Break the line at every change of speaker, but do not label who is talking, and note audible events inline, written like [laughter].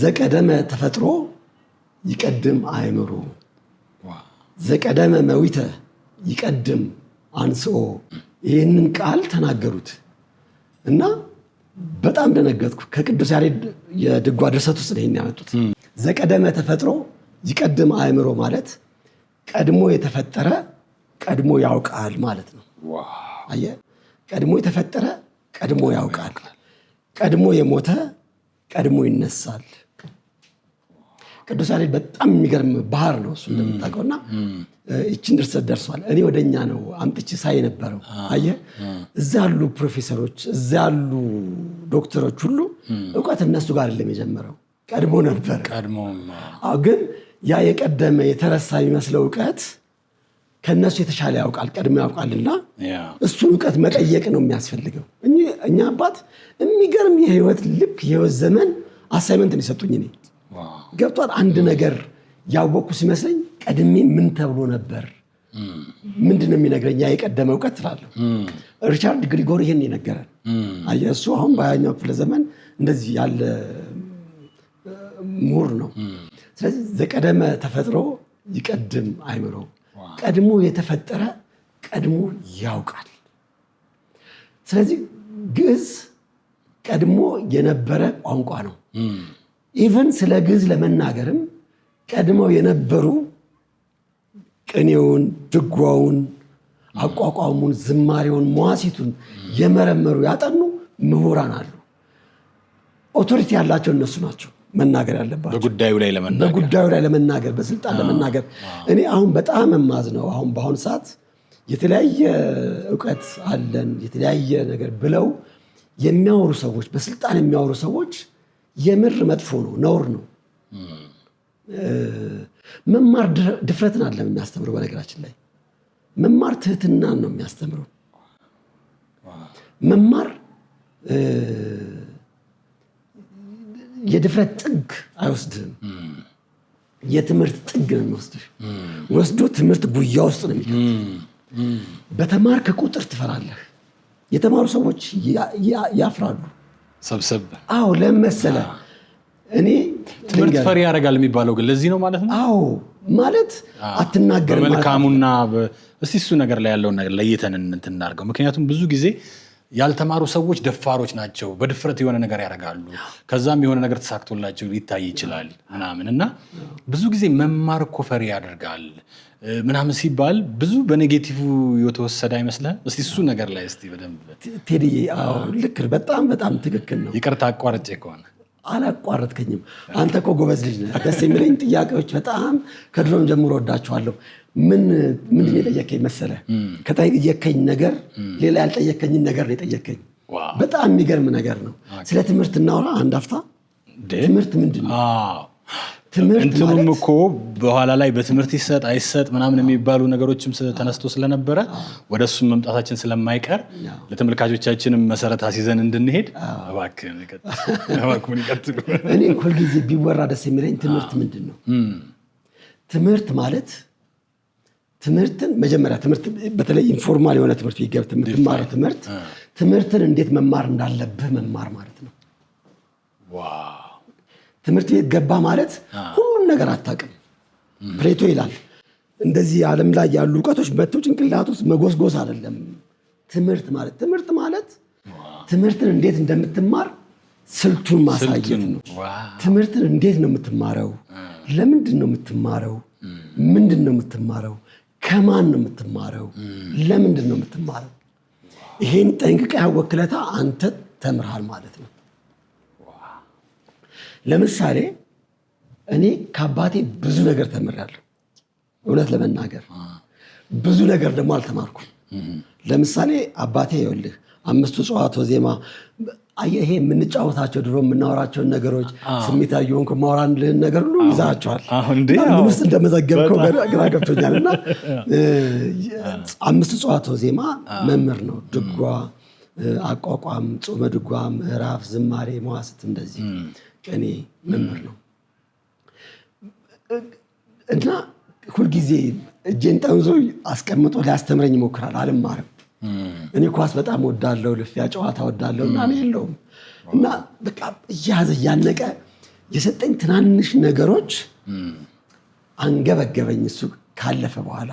ዘቀደመ ተፈጥሮ ይቀድም አእምሮ፣ ዘቀደመ መዊተ ይቀድም አንስኦ። ይህንን ቃል ተናገሩት እና በጣም ደነገጥኩ። ከቅዱስ ያሬድ የድጓ ድርሰት ውስጥ ይህን ያመጡት። ዘቀደመ ተፈጥሮ ይቀድም አእምሮ ማለት ቀድሞ የተፈጠረ ቀድሞ ያውቃል ማለት ነው። አየህ፣ ቀድሞ የተፈጠረ ቀድሞ ያውቃል፣ ቀድሞ የሞተ ቀድሞ ይነሳል። ቅዱስ ያሬድ በጣም የሚገርም ባህር ነው እሱ እንደምታውቀው እና ይችን ድርሰት ደርሷል። እኔ ወደ እኛ ነው አምጥች ሳይ ነበረው። አየ እዛ ያሉ ፕሮፌሰሮች፣ እዛ ያሉ ዶክተሮች ሁሉ እውቀት እነሱ ጋር አይደለም የጀመረው ቀድሞ ነበር። ግን ያ የቀደመ የተረሳ የሚመስለው እውቀት ከእነሱ የተሻለ ያውቃል፣ ቀድሞ ያውቃልና እሱን እውቀት መጠየቅ ነው የሚያስፈልገው። እኛ አባት የሚገርም የህይወት ልክ የህይወት ዘመን አሳይመንትን የሰጡኝ እኔ ገብቷል። አንድ ነገር ያወቅኩ ሲመስለኝ ቀድሜ ምን ተብሎ ነበር ምንድን ነው የሚነግረኝ? ያ የቀደመ እውቀት ትላለሁ ሪቻርድ ግሪጎር ይህን ይነገራል። እሱ አሁን በሀያኛው ክፍለ ዘመን እንደዚህ ያለ ምሁር ነው። ስለዚህ ዘቀደመ ተፈጥሮ ይቀድም አይምሮ ቀድሞ የተፈጠረ ቀድሞ ያውቃል። ስለዚህ ግዕዝ ቀድሞ የነበረ ቋንቋ ነው። ኢቨን ስለ ግዕዝ ለመናገርም ቀድመው የነበሩ ቅኔውን፣ ድጓውን፣ አቋቋሙን፣ ዝማሬውን፣ መዋሲቱን የመረመሩ ያጠኑ ምሁራን አሉ። ኦቶሪቲ ያላቸው እነሱ ናቸው። መናገር ያለባቸው
በጉዳዩ ላይ ለመናገር
በጉዳዩ ላይ ለመናገር በስልጣን ለመናገር። እኔ አሁን በጣም የማዝ ነው አሁን በአሁኑ ሰዓት የተለያየ እውቀት አለን የተለያየ ነገር ብለው የሚያወሩ ሰዎች፣ በስልጣን የሚያወሩ ሰዎች የምር መጥፎ ነው፣ ነውር ነው። መማር ድፍረትን አይደለም የሚያስተምረው። በነገራችን ላይ መማር ትህትናን ነው የሚያስተምረው መማር የድፍረት ጥግ አይወስድህም። የትምህርት ጥግ ነው የሚወስድህ። ወስዶ ትምህርት ጉያ ውስጥ ነው የሚከት። በተማርክ ቁጥር ትፈራለህ። የተማሩ ሰዎች ያፍራሉ። ሰብሰብ አዎ። ለምን መሰለህ? እኔ
ትምህርት ፈሪ ያደርጋል የሚባለው ግን ለዚህ ነው ማለት
ነው። አዎ ማለት አትናገር
መልካሙና እስቲ እሱ ነገር ላይ ያለውን ነገር ለይተን እንትናርገው። ምክንያቱም ብዙ ጊዜ ያልተማሩ ሰዎች ደፋሮች ናቸው። በድፍረት የሆነ ነገር ያደርጋሉ። ከዛም የሆነ ነገር ተሳክቶላቸው ሊታይ ይችላል ምናምን እና ብዙ ጊዜ መማር እኮ ፈሪ ያደርጋል ምናምን ሲባል ብዙ በኔጌቲቭ የተወሰደ አይመስልህም? እስ እሱ ነገር ላይ እስቲ በደንብ
ቴዲዬ። አዎ ልክ በጣም በጣም ትክክል ነው።
ይቅርታ አቋርጬ ከሆነ
አላቋረጥከኝም። አንተ እኮ ጎበዝ ልጅ ነህ። ደስ የሚለኝ ጥያቄዎች በጣም ከድሮም ጀምሮ ወዳችኋለሁ። ምን ምንድን የጠየከኝ መሰለህ? ከጠየከኝ ነገር ሌላ ያልጠየከኝን ነገር ነው የጠየከኝ። በጣም የሚገርም ነገር ነው። ስለ ትምህርት እናውራ አንድ አፍታ። ትምህርት ምንድን
ነው? እንትኑም እኮ በኋላ ላይ በትምህርት ይሰጥ አይሰጥ ምናምን የሚባሉ ነገሮችም ተነስቶ ስለነበረ ወደ እሱም መምጣታችን ስለማይቀር ለተመልካቾቻችንም መሰረት አስይዘን እንድንሄድ እባክህን ይቀጥሉ።
[laughs] እኔ ሁልጊዜ ቢወራ ደስ የሚለኝ ትምህርት ምንድን ነው? ትምህርት ማለት ትምህርትን መጀመሪያ ትምህርት በተለይ ኢንፎርማል የሆነ ትምህርት ቤት ገብተህ የምትማረው ትምህርት ትምህርትን እንዴት መማር እንዳለብህ መማር ማለት ነው። ትምህርት ቤት ገባ ማለት ሁሉን ነገር አታውቅም። ፕሌቶ ይላል እንደዚህ ዓለም ላይ ያሉ እውቀቶች መጥተው ጭንቅላት ውስጥ መጎስጎስ አይደለም። ትምህርት ማለት ትምህርት ማለት ትምህርትን እንዴት እንደምትማር ስልቱን ማሳየት ነው። ትምህርትን እንዴት ነው የምትማረው? ለምንድን ነው የምትማረው? ምንድን ነው የምትማረው? ከማን ነው የምትማረው? ለምንድን ነው የምትማረው? ይሄን ጠንቅቀ ያወክለታ አንተ ተምርሃል ማለት ነው። ለምሳሌ እኔ ከአባቴ ብዙ ነገር ተምሬያለሁ። እውነት ለመናገር ብዙ ነገር ደግሞ አልተማርኩም። ለምሳሌ አባቴ ይኸውልህ አምስቱ ዕፅዋት ዜማ አየህ ይሄ የምንጫወታቸው ድሮ የምናወራቸውን ነገሮች ስሜታዊ የሆንኩ ማውራልህን ነገር ሁሉ ይዛቸዋል። ምን ውስጥ እንደመዘገብከው ግራ ገብቶኛል። እና አምስቱ ጸዋትወ ዜማ መምህር ነው። ድጓ፣ አቋቋም፣ ጾመ ድጓ፣ ምዕራፍ፣ ዝማሬ፣ መዋስት እንደዚህ ቅኔ መምህር ነው እና ሁልጊዜ እጄን ጠምዞ አስቀምጦ ሊያስተምረኝ ይሞክራል። አልማርም እኔ ኳስ በጣም ወዳለው ልፊያ ጨዋታ ወዳለው እና የለውም እና በቃ እያያዘ እያነቀ የሰጠኝ ትናንሽ ነገሮች አንገበገበኝ እሱ ካለፈ በኋላ